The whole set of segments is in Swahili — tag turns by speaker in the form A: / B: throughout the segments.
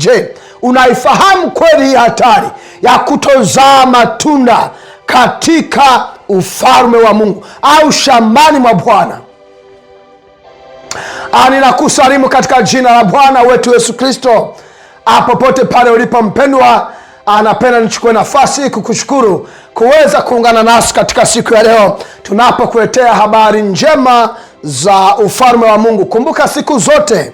A: Je, unaifahamu kweli hii hatari ya kutozaa matunda katika ufalme wa Mungu au shambani mwa Bwana? Ah, ninakusalimu katika jina la Bwana wetu Yesu Kristo apopote ah, pale ulipo mpendwa, anapenda ah, nichukue nafasi kukushukuru kuweza kuungana nasi katika siku ya leo tunapokuletea habari njema za ufalme wa Mungu. Kumbuka siku zote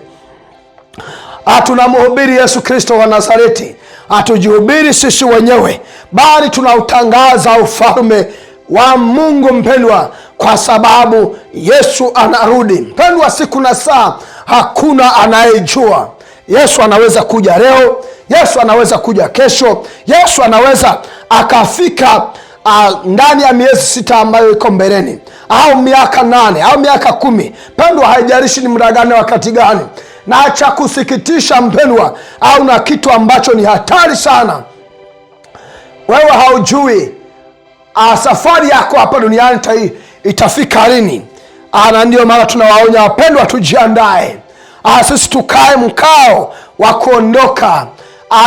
A: tunamhubiri Yesu Kristo wa Nazareti, hatujihubiri sisi wenyewe, bali tunautangaza ufalme wa Mungu mpendwa, kwa sababu Yesu anarudi mpendwa. Siku na saa hakuna anayejua. Yesu anaweza kuja leo, Yesu anaweza kuja kesho, Yesu anaweza akafika Uh, ndani ya miezi sita ambayo iko mbeleni au miaka nane au miaka kumi pendwa, haijalishi ni muda gani, wakati gani na cha kusikitisha mpendwa, au na kitu ambacho ni hatari sana. Wewe haujui safari yako hapa duniani itafika lini, na ndio maana tunawaonya wapendwa, tujiandae sisi tukae mkao wa kuondoka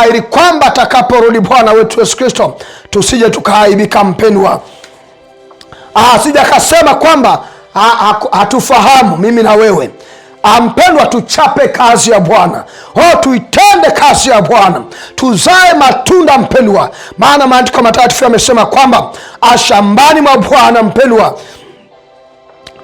A: ili kwamba atakaporudi Bwana wetu Yesu Kristo tusije tukaaibika mpendwa. Sija akasema kwamba hatufahamu mimi na wewe Ampendwa, ah, tuchape kazi ya Bwana, o oh, tuitende kazi ya Bwana, tuzae matunda mpendwa, maana maandiko matakatifu yamesema kwamba ashambani ah, mwa Bwana mpendwa,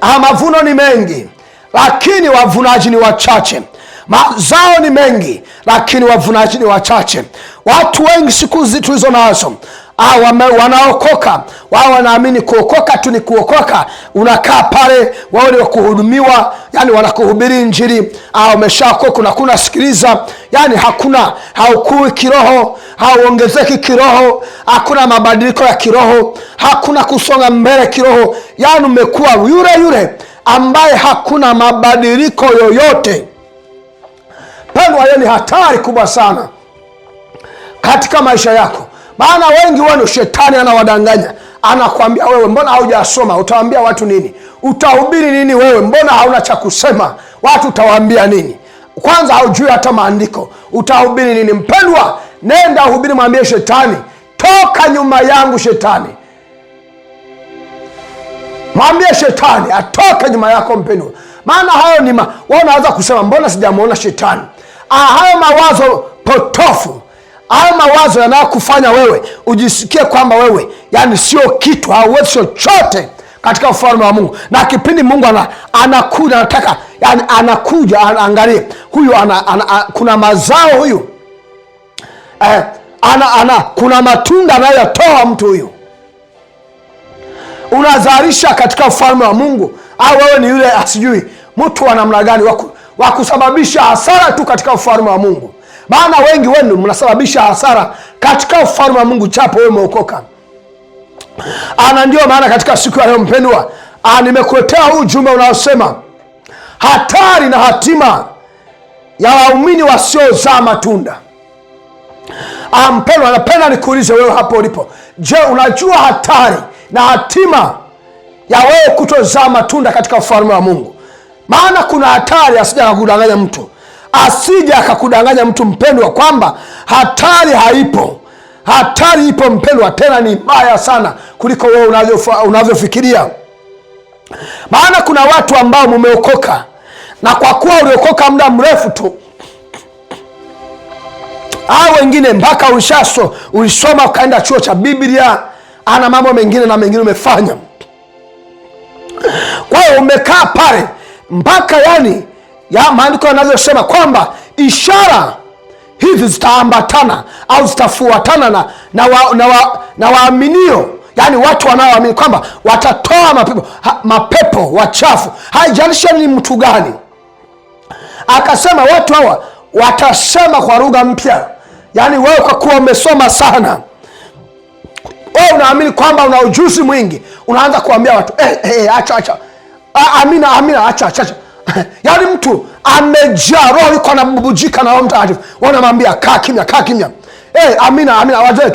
A: ah, mavuno ni mengi, lakini wavunaji ni wachache. Mazao ni mengi, lakini wavunaji ni wachache. Watu wengi siku hizi tulizo nazo wanaokoka wao wanaamini kuokoka tu ni kuokoka. Unakaa pale, wao ni wakuhudumiwa, yani wanakuhubiri Injili. Ah, umeshaokoka kuna sikiliza, yani hakuna haukui kiroho, hauongezeki kiroho, hakuna mabadiliko ya kiroho, hakuna kusonga mbele kiroho, yani umekuwa yule yule ambaye hakuna mabadiliko yoyote. Pendwa, hiyo ni hatari kubwa sana katika maisha yako. Maana wengi wenu shetani anawadanganya, anakwambia wewe, mbona haujasoma? utawambia watu nini? Utahubiri nini wewe? Mbona hauna cha kusema? Watu utawaambia nini? Kwanza haujui hata maandiko, utahubiri nini? Mpendwa, nenda uhubiri, mwambie shetani, toka nyuma yangu shetani. Mwambie shetani atoke nyuma yako, mpendwa. Maana hayo ni ma... unaweza kusema mbona sijamwona shetani? Ah, hayo mawazo potofu ayo mawazo yanayokufanya wewe ujisikie kwamba wewe yani sio kitu, hauwezi chochote katika ufalme wa Mungu. Na kipindi Mungu ana, anakuja anataka yani anakuja anaangalia huyu ana, ana, ana, kuna mazao huyu eh, ana, ana, kuna matunda anayotoa mtu huyu unazalisha katika ufalme wa Mungu, au wewe ni yule asijui ah, mtu wa namna gani wa kusababisha hasara tu katika ufalme wa Mungu maana wengi wenu mnasababisha hasara katika ufalme wa Mungu chapo wewe umeokoka. Ana ndio maana katika siku ya leo mpendwa, ah, nimekuletea huu ujumbe unaosema hatari na hatima ya waumini wasiozaa matunda. Ah, mpendwa, napenda nikuulize wewe hapo ulipo, je, unajua hatari na hatima ya wewe kutozaa matunda katika ufalme wa Mungu? Maana kuna hatari, asija kudanganya mtu asije akakudanganya mtu mpendwa, kwamba hatari haipo. Hatari ipo mpendwa, tena ni mbaya sana kuliko wewe unavyofikiria. Maana kuna watu ambao mumeokoka, na kwa kuwa uliokoka muda mrefu tu au wengine mpaka ulishaso ulisoma ukaenda chuo cha Biblia, ana mambo mengine na mengine umefanya. Kwa hiyo umekaa pale mpaka yani ya maandiko yanavyosema kwamba ishara hizi zitaambatana au zitafuatana na na, wa, na, wa, na waaminio yaani watu wanaoamini kwamba watatoa mapepo, ha, mapepo wachafu. Haijalishi ni mtu gani, akasema watu hawa watasema kwa lugha mpya. Yaani wewe kwa kuwa umesoma sana, wewe unaamini kwamba una ujuzi mwingi, unaanza kuambia watu hey, eh, eh, hey, eh, acha acha, ah, amina amina, acha yaani mtu amejaa roho, iko anabubujika na Roho Mtakatifu, wanamwambia kaa kimya, kaa kimya. Hey, eh, amina, amina. Wazee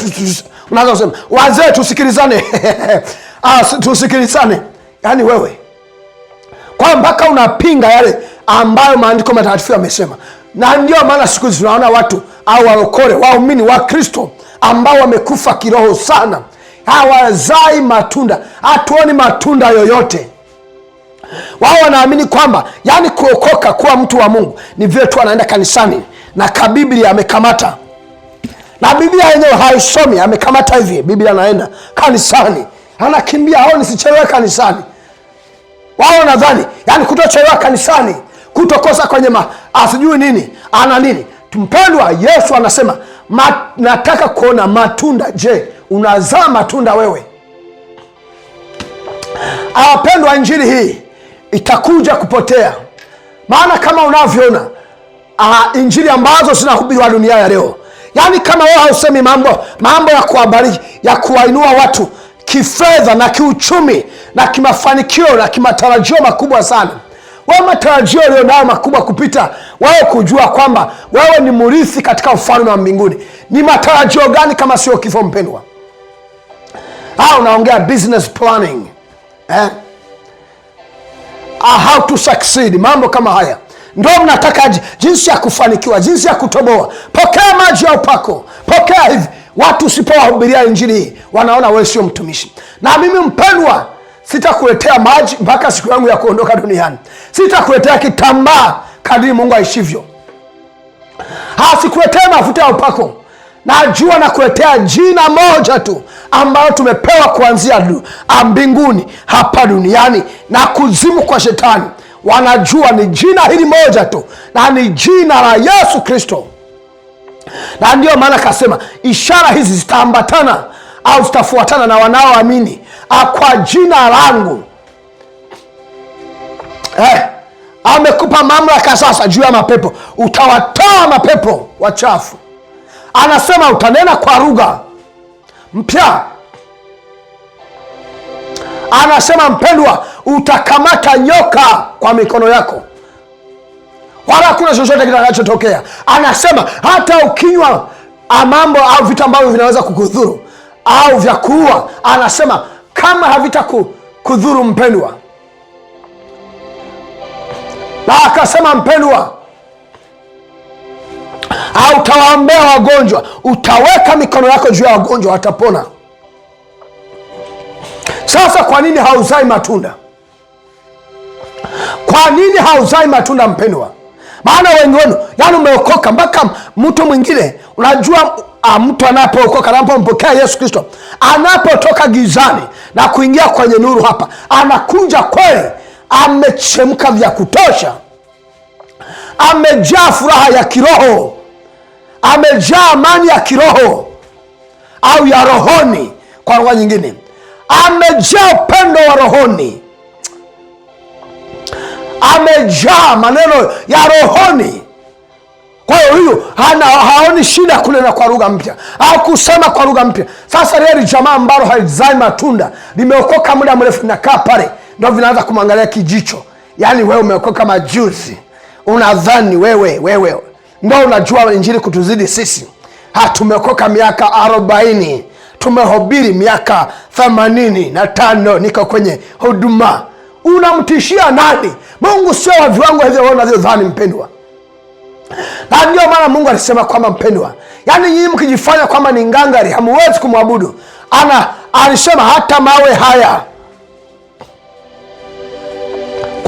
A: unaweza kusema wazee, tusikilizane ah, tusikilizane. Yaani wewe kwa mpaka unapinga yale ambayo maandiko matakatifu yamesema, na ndio maana siku hizi tunaona watu au waokore waumini wa Kristo ambao wamekufa kiroho sana, hawazai matunda, hatuoni matunda yoyote wao wanaamini kwamba yani kuokoka kuwa mtu wa Mungu ni vile tu anaenda kanisani na ka Biblia amekamata, na Biblia yenyewe haisomi, amekamata hivi Biblia, anaenda kanisani, anakimbia au nisichelewe kanisani. Wao nadhani yani kutochelewa kanisani, kutokosa kwenye ma asijui nini ana nini. Mpendwa, Yesu anasema ma, nataka kuona matunda. Je, unazaa matunda wewe? Awapendwa, injili hii itakuja kupotea. Maana kama unavyoona uh, injili ambazo zinahubiriwa dunia ya leo, yaani kama wewe hausemi mambo mambo ya kuwabariki ya kuwainua watu kifedha na kiuchumi na kimafanikio na kimatarajio makubwa sana wewe matarajio ulionayo makubwa kupita wewe kujua kwamba wewe ni mrithi katika ufalme wa mbinguni ni matarajio gani kama sio kifo mpendwa? Ah, unaongea business planning eh? uh, how to succeed, mambo kama haya ndo mnataka jinsi ya kufanikiwa, jinsi ya kutoboa. Pokea maji ya upako, pokea hivi. Watu usipowahubiria injili hii wanaona wee sio mtumishi. Na mimi mpendwa, sitakuletea maji mpaka siku yangu ya kuondoka duniani, sitakuletea kitambaa kadiri Mungu aishivyo, hasikuletea mafuta ya upako Najua kuletea jina moja tu ambalo tumepewa kuanzia ah, mbinguni hapa duniani, na kuzimu kwa shetani wanajua ni jina hili moja tu, na ni jina la Yesu Kristo. Na ndiyo maana akasema ishara hizi zitaambatana au zitafuatana na wanaoamini ah, kwa jina langu. Eh, amekupa mamlaka sasa juu ya mapepo, utawatoa mapepo wachafu anasema utanena kwa lugha mpya. Anasema mpendwa, utakamata nyoka kwa mikono yako, wala hakuna chochote kitakachotokea. Anasema hata ukinywa ah, mambo au vitu ambavyo vinaweza kukudhuru au vya kuua, anasema kama havitakudhuru mpendwa, na akasema mpendwa hautawaombea wagonjwa, utaweka mikono yako juu ya wagonjwa, watapona. Sasa kwa nini hauzai matunda? Kwa nini hauzai matunda, mpendwa? Maana wengi wenu, yani umeokoka mpaka mtu mwingine, unajua ah, mtu anapookoka anapompokea Yesu Kristo, anapotoka gizani na kuingia kwenye nuru, hapa anakunja kweli, amechemka vya kutosha, amejaa furaha ya kiroho amejaa amani ya kiroho au ya rohoni, kwa lugha nyingine, amejaa upendo wa rohoni, amejaa maneno ya rohoni. Kwa hiyo huyu haoni shida kunena kwa lugha mpya au kusema kwa lugha mpya. Sasa leli jamaa ambalo halizai matunda limeokoka muda mrefu, inakaa pale, ndo vinaanza kumwangalia kijicho. Yaani wewe umeokoka majuzi, unadhani wewe wewe ndo unajua injili kutuzidi sisi. Ha, tumekoka miaka arobaini tumehubiri miaka 85 na tano niko kwenye huduma. Unamtishia nani? Mungu sio wa viwango hivyo unavyodhani mpendwa, na ndio maana Mungu alisema kwamba mpendwa, yaani nyinyi mkijifanya kwamba ni ngangari hamuwezi kumwabudu ana, alisema hata mawe haya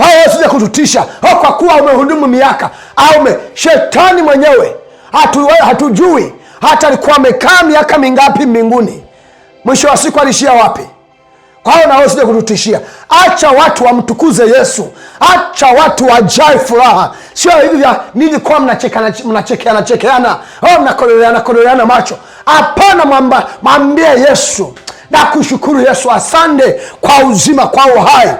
A: wao wasije kututisha au kwa kuwa umehudumu miaka au shetani mwenyewe hatu, hatujui hata alikuwa amekaa miaka mingapi mbinguni, mwisho wa siku alishia wapi? Kwa hiyo nawe usije kututishia. Acha watu wamtukuze Yesu, acha watu wajae furaha, sio hivi vya ninyi kuwa mnachekeana chekeana au mnakodoleana kodoleana macho. Hapana, mwambie Yesu na kushukuru Yesu, asande kwa uzima, kwa uhai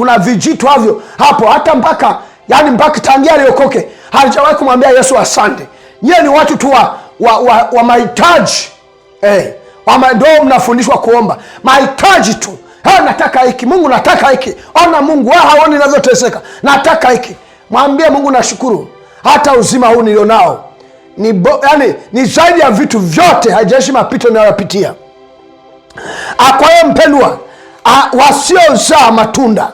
A: kuna vijitu havyo hapo, hata mpaka yani mpaka tangia aliokoke halijawahi kumwambia Yesu asante. Nyie ni watu tu wa, wa, wa, wa mahitaji hey. Eh, Ndo mnafundishwa kuomba mahitaji tu. Ha, nataka hiki Mungu, nataka hiki. Ona Mungu, haoni navyoteseka, nataka hiki. Mwambie Mungu, nashukuru hata uzima huu nilionao ni bo, yani, ni zaidi ya vitu vyote, haijaishi mapito inayopitia. Ah, kwa hiyo mpendwa, ah, wasiozaa matunda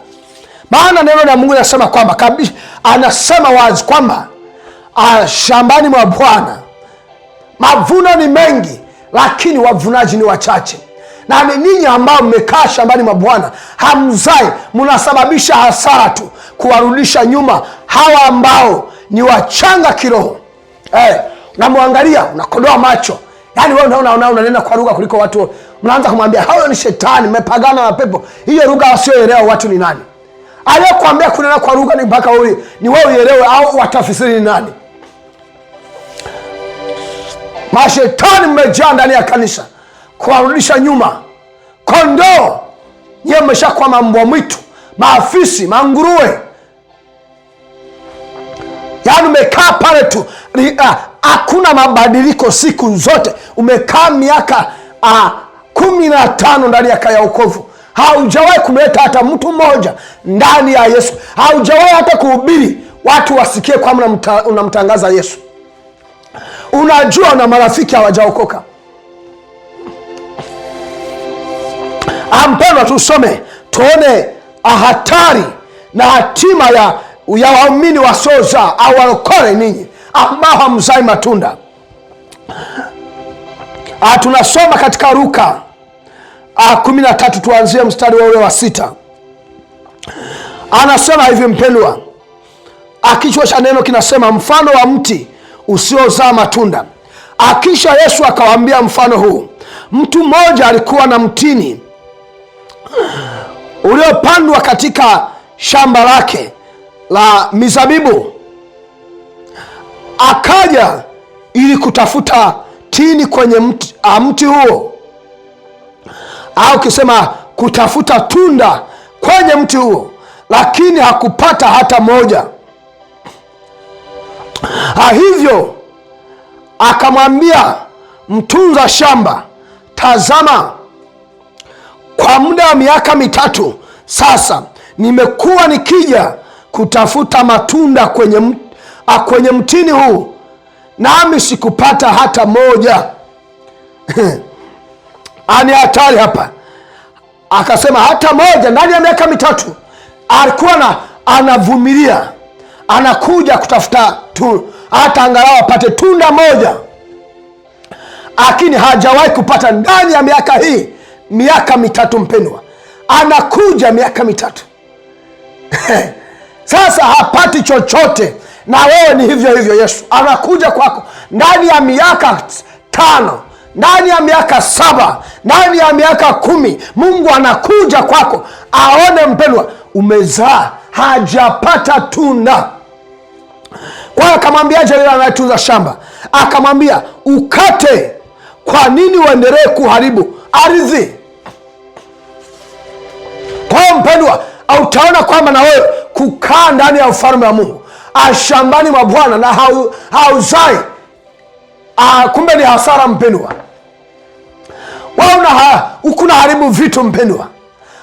A: maana neno la Mungu linasema kwamba kabisa, anasema wazi kwamba ah, shambani mwa Bwana mavuno ni mengi, lakini wavunaji ni wachache na ni ninyi ambao mmekaa shambani mwa Bwana hamzai, mnasababisha hasara tu, kuwarudisha nyuma hawa ambao ni wachanga kiroho. Eh, namwangalia unakodoa macho, yaani wewe unaona unaona unanena kwa lugha kuliko watu, mnaanza kumwambia hayo ni shetani, mmepagana na pepo. Hiyo lugha wasioelewa watu ni nani? Aliyekwambia kunena kwa lugha ni mpaka wewe ni wewe uelewe, au watafisiri ni nani? Mashetani mmejaa ndani ya kanisa kuwarudisha nyuma. Kondoo nyewe mmeshakuwa mambwa mwitu, maafisi, manguruwe, yaani umekaa pale tu, ah, hakuna mabadiliko siku zote. Umekaa miaka ah, kumi na tano ndani ya kaya ukovu haujawahi kumleta hata mtu mmoja ndani ya Yesu, haujawahi hata kuhubiri watu wasikie kwamba unamtangaza Yesu. Unajua na marafiki hawajaokoka. Ampendwa, tusome tuone hatari na hatima ya, ya waumini wasiozaa au walokole ninyi ambao hamzai matunda. Ah, tunasoma katika Luka ah, kumi na tatu, tuanzie mstari wa ule wa sita. Anasema hivi mpendwa, akichwa cha neno kinasema mfano wa mti usiozaa matunda. Akisha Yesu akawaambia mfano huu, mtu mmoja alikuwa na mtini uliopandwa katika shamba lake la mizabibu, akaja ili kutafuta tini kwenye mti, ah, mti huo au kisema kutafuta tunda kwenye mti huo, lakini hakupata hata moja. Hivyo akamwambia mtunza shamba, tazama, kwa muda wa miaka mitatu sasa nimekuwa nikija kutafuta matunda kwenye, kwenye mtini huu, nami sikupata hata moja. ani hatari hapa. Akasema hata moja ndani ya miaka mitatu alikuwa na anavumilia, anakuja kutafuta tu hata angalau apate tunda moja, lakini hajawahi kupata ndani ya miaka hii miaka mitatu. Mpendwa, anakuja miaka mitatu sasa hapati chochote, na wewe ni hivyo hivyo. Yesu anakuja kwako ndani ya miaka tano ndani ya miaka saba, ndani ya miaka kumi, Mungu anakuja kwako aone, mpendwa, umezaa hajapata tunda. kwayo akamwambia yule anayetunza shamba? Akamwambia, ukate. Kwa nini uendelee kuharibu ardhi? Kwa hiyo mpendwa, utaona kwamba na wewe kukaa ndani ya ufalme wa Mungu ashambani mwa Bwana na hauzai hau Ah, kumbe ni hasara mpendwa. Wewe ukuna haribu vitu mpendwa,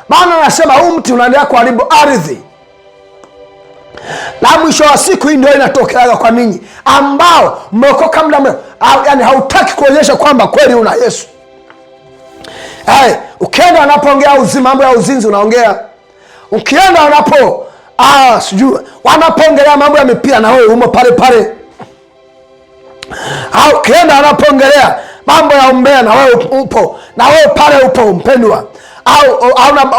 A: maana nasema huu mti unaendelea kuharibu ardhi, na mwisho wa siku hii ndio inatokeaga kwa ninyi ambao mmeokoka muda mrefu, yani hautaki kuonyesha kwamba kweli una Yesu. Hey, eh, ukienda wanapoongea uzima mambo ya uzinzi unaongea, ukienda wanapo ah, sijui wanapoongelea mambo ya mipira na wewe umo pale pale au kenda anapoongelea mambo ya umbea, na wewe upo, na wewe pale upo mpendwa, au,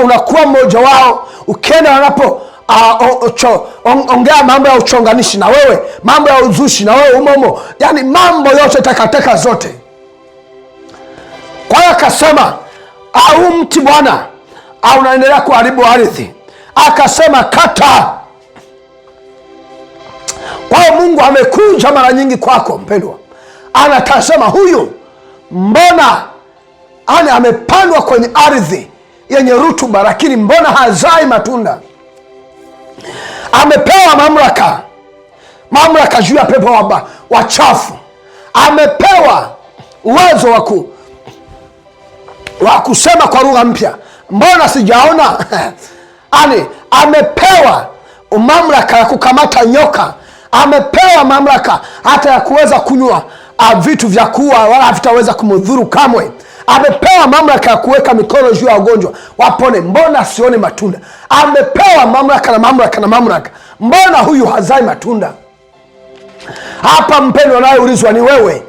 A: unakuwa mmoja wao. Ukenda anapo Uh, on, ongea mambo ya uchonganishi na wewe, mambo ya uzushi na wewe umomo, yani mambo yote takateka zote. Kwa hiyo akasema au mti bwana, au unaendelea kuharibu ardhi, akasema kata kwao. Mungu amekuja mara nyingi kwako mpendwa, anatasema huyu, mbona ani amepandwa kwenye ardhi yenye rutuba, lakini mbona hazai matunda? Amepewa mamlaka, mamlaka juu ya pepo waba wachafu, amepewa uwezo wa ku wa kusema kwa lugha mpya, mbona sijaona? ani amepewa mamlaka ya kukamata nyoka amepewa mamlaka hata ya kuweza kunywa ah, vitu vya kuwa wala havitaweza kumdhuru kamwe. Amepewa mamlaka ya kuweka mikono juu ya wagonjwa wapone, mbona sione matunda? Amepewa mamlaka na mamlaka na mamlaka, mbona huyu hazai matunda? Hapa mpendwa, anayeulizwa ni wewe,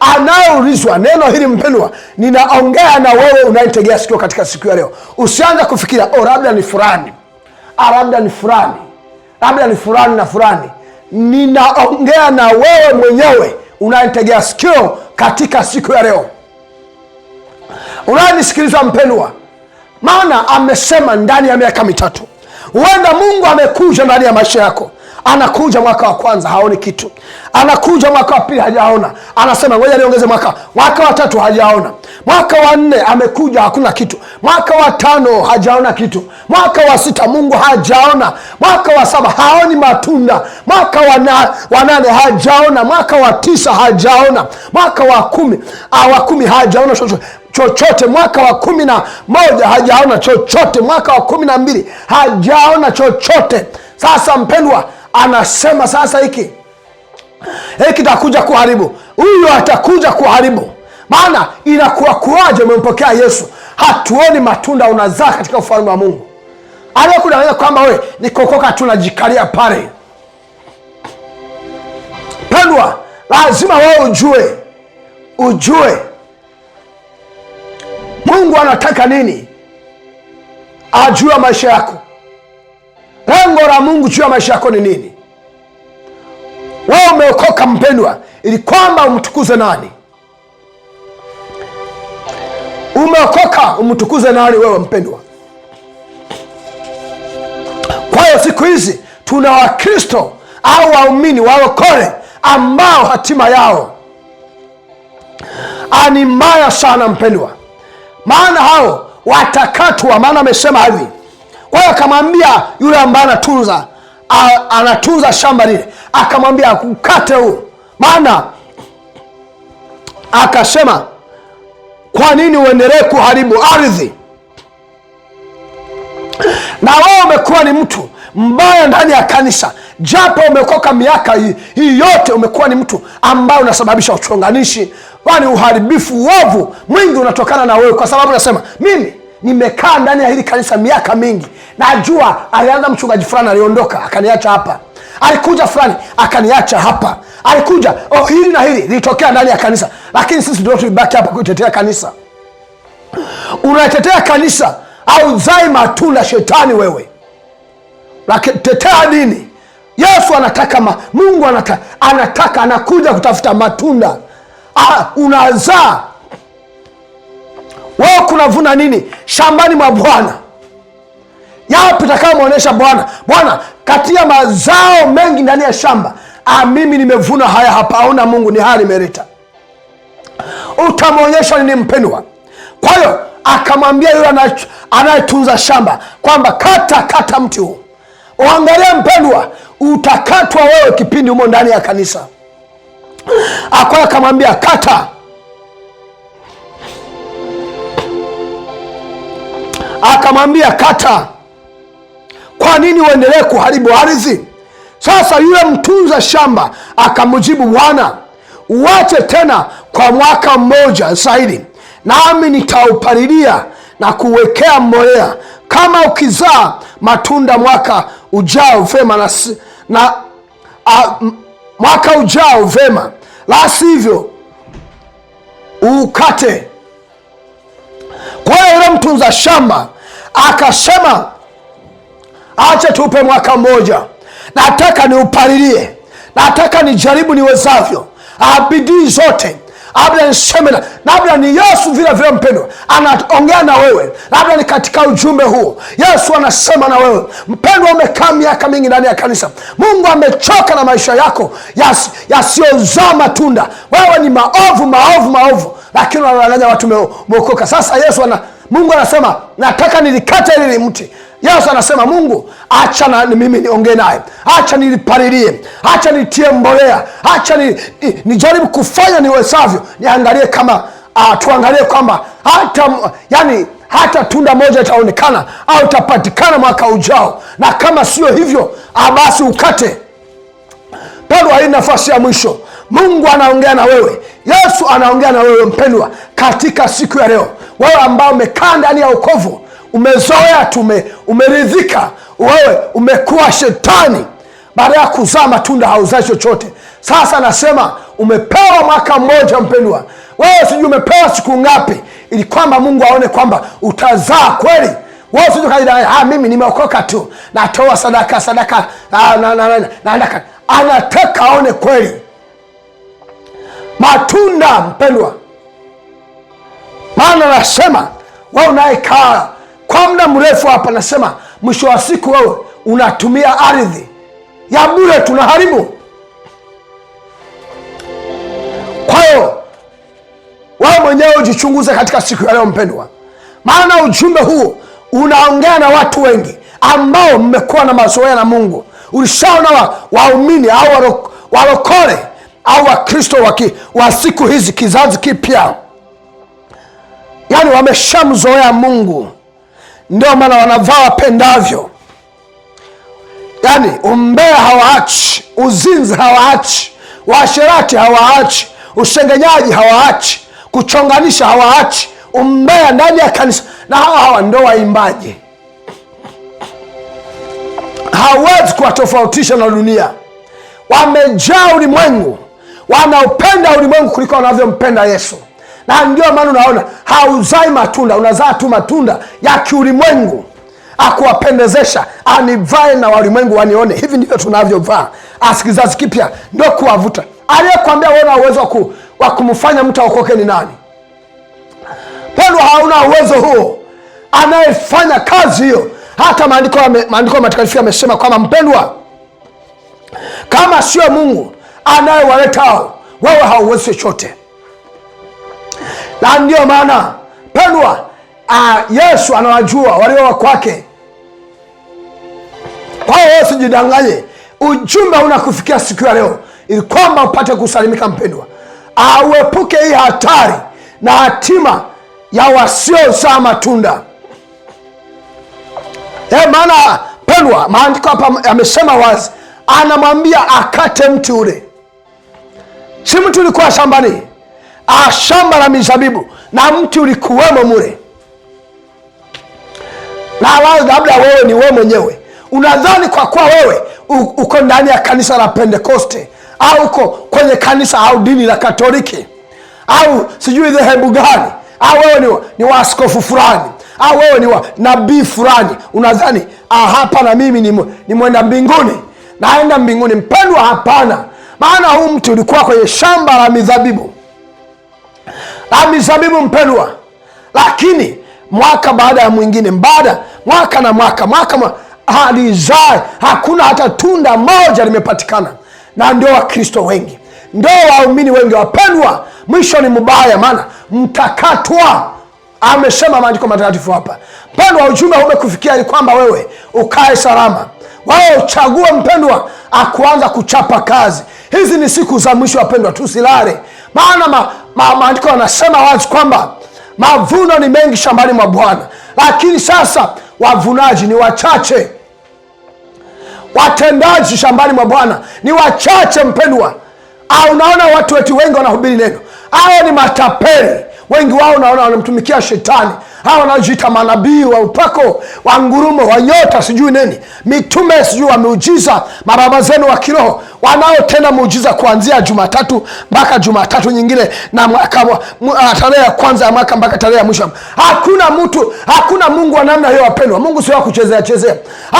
A: anayeulizwa neno hili. Mpendwa, ninaongea na wewe unayetegea sikio katika siku ya leo. Usianze kufikiria oh, labda ni fulani, ah, labda ni fulani labda ni fulani na fulani, ninaongea na wewe mwenyewe unayetegea sikio katika siku ya leo, unayenisikiliza mpendwa, maana amesema ndani ya miaka mitatu. Huenda Mungu amekuja ndani ya maisha yako Anakuja mwaka wa kwanza haoni kitu, anakuja mwaka wa pili hajaona, anasema ngoja niongeze mwaka. Mwaka wa tatu hajaona, mwaka wa nne amekuja hakuna kitu, mwaka wa tano hajaona kitu, mwaka wa sita Mungu hajaona, mwaka wa saba haoni matunda, mwaka wa, na, wa nane hajaona, mwaka wa tisa hajaona, mwaka wa kumi wa kumi hajaona chochote chochote mwaka wa kumi na moja hajaona chochote, mwaka wa kumi na mbili hajaona chochote. Sasa mpendwa anasema sasa, hiki hiki kitakuja kuharibu, huyu atakuja kuharibu. Maana inakuwa kuwaje? Umempokea Yesu, hatuoni matunda unazaa katika ufalme wa Mungu. Aliyekudanganya kwamba we nikokoka tu pale, pendwa, lazima wewe ujue, ujue Mungu anataka nini, ajua maisha yako. Lengo la Mungu juu ya maisha yako ni nini? Wewe umeokoka mpendwa, ili kwamba umtukuze nani? Umeokoka umtukuze nani wewe mpendwa? Kwa hiyo siku hizi tuna Wakristo au waumini waokole ambao hatima yao ani ah, mbaya sana mpendwa, maana hao watakatwa. Maana amesema hivi kwa hiyo akamwambia yule ambaye anatunza anatunza shamba lile, akamwambia akukate huo, maana akasema, kwa nini uendelee kuharibu ardhi? Na wewe umekuwa ni mtu mbaya ndani ya kanisa, japo umekoka miaka hii, yote umekuwa ni mtu ambaye unasababisha uchonganishi, kwani uharibifu, uovu mwingi unatokana na wewe, kwa sababu nasema mimi nimekaa ndani ya hili kanisa miaka mingi, najua alianza mchungaji fulani, aliondoka akaniacha hapa, alikuja fulani akaniacha hapa, alikuja oh, hili na hili lilitokea ndani ya kanisa, lakini sisi ndio tulibaki hapa kuitetea kanisa. Unatetea kanisa au zai matunda shetani wewe, tetea dini. Yesu anataka ma, Mungu anataka, anataka anakuja kutafuta matunda. Ah, unazaa wewe kunavuna nini shambani mwa Bwana? Yapi takamwonyesha Bwana? Bwana, kati ya mazao mengi ndani ya shamba, ah, mimi nimevuna haya hapa, aona Mungu ni haya nimeleta. Utamwonyesha nini mpendwa? Kwa hiyo akamwambia yule anayetunza shamba kwamba kata kata mti huu. Uangalia mpendwa, utakatwa wewe kipindi humo ndani ya kanisa. Akwaya akamwambia kata akamwambia kata, kwa nini uendelee kuharibu ardhi? Sasa yule mtunza shamba akamjibu, Bwana, uwache tena kwa mwaka mmoja zaidi, nami nitaupalilia na kuwekea mbolea. Kama ukizaa matunda mwaka ujao vema na, na a, mwaka ujao vema, la sivyo ukate wala yule mtunza shamba akasema, acha tupe mwaka mmoja, nataka niupalilie, nataka nijaribu niwezavyo, abidii ah, zote labda semina, labda ni Yesu vile vile, mpendwa, anaongea na wewe, labda ni katika ujumbe huo. Yesu anasema na wewe mpendwa, umekaa miaka mingi ndani ya kanisa, Mungu amechoka na maisha yako yasiyozaa yasi matunda. Wewe ni maovu, maovu, maovu lakini wanadanganya watu meokoka. Sasa Yesu ana, Mungu anasema nataka nilikate lile mti. Yesu anasema Mungu, acha na mimi niongee naye, acha nilipalilie, acha nitie mbolea, acha ni, ni, nijaribu kufanya niwezavyo, niangalie kama uh, tuangalie kwamba hata yani hata tunda moja itaonekana au itapatikana mwaka ujao, na kama sio hivyo ah, basi ukate. Bado haina nafasi ya mwisho. Mungu anaongea na wewe Yesu anaongea na wewe mpendwa, katika siku ya leo, wewe ambao umekaa ndani ya ukovu umezoea tume, umeridhika, wewe umekuwa shetani. Baada ya kuzaa matunda hauzai chochote. Sasa nasema umepewa mwaka mmoja mpendwa, wewe sijui umepewa siku ngapi, ili kwamba Mungu aone kwamba utazaa kweli. mimi nimeokoka tu, natoa sadaka sadaka, anataka aone kweli matunda. Mpendwa, maana nasema we unayekaa kwa muda mrefu hapa, nasema mwisho wa siku wewe unatumia ardhi ya bure, tunaharibu. Kwa hiyo wewe mwenyewe ujichunguze katika siku ya leo mpendwa, maana ujumbe huu unaongea na watu wengi ambao mmekuwa na mazoea na Mungu. Ulishaona waumini au warokole au Wakristo wa siku hizi, kizazi kipya, yaani wameshamzoea Mungu, ndio maana wanavaa wapendavyo. Yaani umbea hawaachi, uzinzi hawaachi, waasherati hawaachi, ushengenyaji hawaachi, kuchonganisha hawaachi, umbea ndani ya kanisa. Na hawa hawa ndo waimbaji, hawezi kuwatofautisha na dunia, wamejaa ulimwengu wanaopenda ulimwengu kuliko wanavyompenda Yesu, na ndio maana unaona hauzai matunda, unazaa tu matunda ya kiulimwengu akuwapendezesha anivae na walimwengu wanione. Hivi ndivyo tunavyovaa asikizazi kipya, ndio kuwavuta. Aliyekwambia wewe una uwezo ku, wa kumfanya mtu aokoke ni nani? Pendwa, hauna uwezo huo. Anayefanya kazi hiyo, hata maandiko maandiko matakatifu yamesema kwamba mpendwa, kama sio Mungu anayewaleta hao, wewe hauwezi chochote. Na ndiyo maana pendwa, uh, Yesu anawajua walio wa kwake. Kwa hiyo wewe usijidanganye, ujumbe unakufikia siku ya leo ili kwamba upate kusalimika mpendwa, auepuke hii hatari na hatima ya wasiozaa matunda. E, maana pendwa, maandiko hapa yamesema wazi, anamwambia akate mti ule si mti ulikuwa shambani, ah, shamba la mizabibu, na mti ulikuwemo mule, na labda wewe ni wewe mwenyewe unadhani kwa kuwa wewe uko ndani ya kanisa la Pentekoste au uko kwenye kanisa au dini la Katoliki au sijui dhehebu gani, au wewe ni, ni waaskofu fulani au wewe ni nabii fulani, unadhani ah, hapa na mimi ni, ni mwenda mbinguni, naenda mbinguni? Mpendwa, hapana maana huu mti ulikuwa kwenye shamba la mizabibu la mizabibu mpendwa, lakini mwaka baada ya mwingine, baada mwaka na mwaka mwaka ma, alizae hakuna hata tunda moja limepatikana. Na ndio Wakristo wengi, ndo waumini wengi. Wapendwa, mwisho ni mubaya, maana mtakatwa amesema maandiko matakatifu hapa. Mpendwa, ujumbe umekufikia ni kwamba wewe ukae salama, wao chague mpendwa, akuanza kuchapa kazi. Hizi ni siku za mwisho wapendwa, tusilale, maana maandiko ma, yanasema wazi kwamba mavuno ni mengi shambani mwa Bwana, lakini sasa wavunaji ni wachache, watendaji shambani mwa Bwana ni wachache mpendwa. Au ah, unaona watu wetu wengi wanahubiri neno, hao ni matapeli Wengi wao naona wanamtumikia shetani. Hawa wanaojiita manabii wa upako wa ngurumo wa nyota sijui nini mitume sijui wameujiza mababa zenu wa kiroho wanaotenda muujiza kuanzia Jumatatu mpaka Jumatatu nyingine na ah, tarehe ya kwanza ya mwaka mpaka tarehe ya mwisho. Hakuna mtu, hakuna Mungu wa namna hiyo. Wapendwa, Mungu sio kuchezea chezea.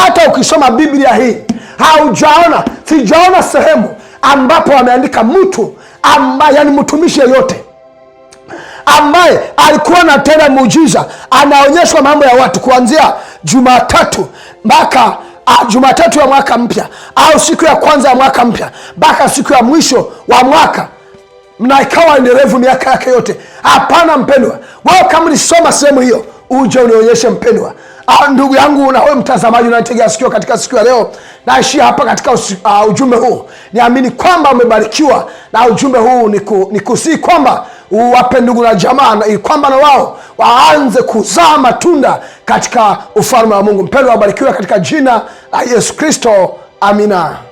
A: Hata ukisoma Biblia hii haujaona, sijaona sehemu ambapo wameandika mtu amba, yani mtumishi yeyote ambaye alikuwa anatenda muujiza, anaonyeshwa mambo ya watu kuanzia Jumatatu mpaka ah, Jumatatu ya mwaka mpya au siku ya kwanza ya mwaka mpya mpaka siku ya mwisho wa mwaka na ikawa endelevu miaka yake yote. Hapana mpendwa, wewe kama ulisoma sehemu hiyo, uje unionyeshe mpendwa. Ah, ndugu yangu na wewe mtazamaji unanitegea sikio katika siku ya leo, naishia hapa katika uh, ujumbe huu. Niamini kwamba umebarikiwa na ujumbe huu, nikusii kwamba uwape ndugu na jamaa, ili kwamba na wao waanze kuzaa matunda katika ufalme wa Mungu. Mpendwa, wabarikiwe katika jina la Yesu Kristo, amina.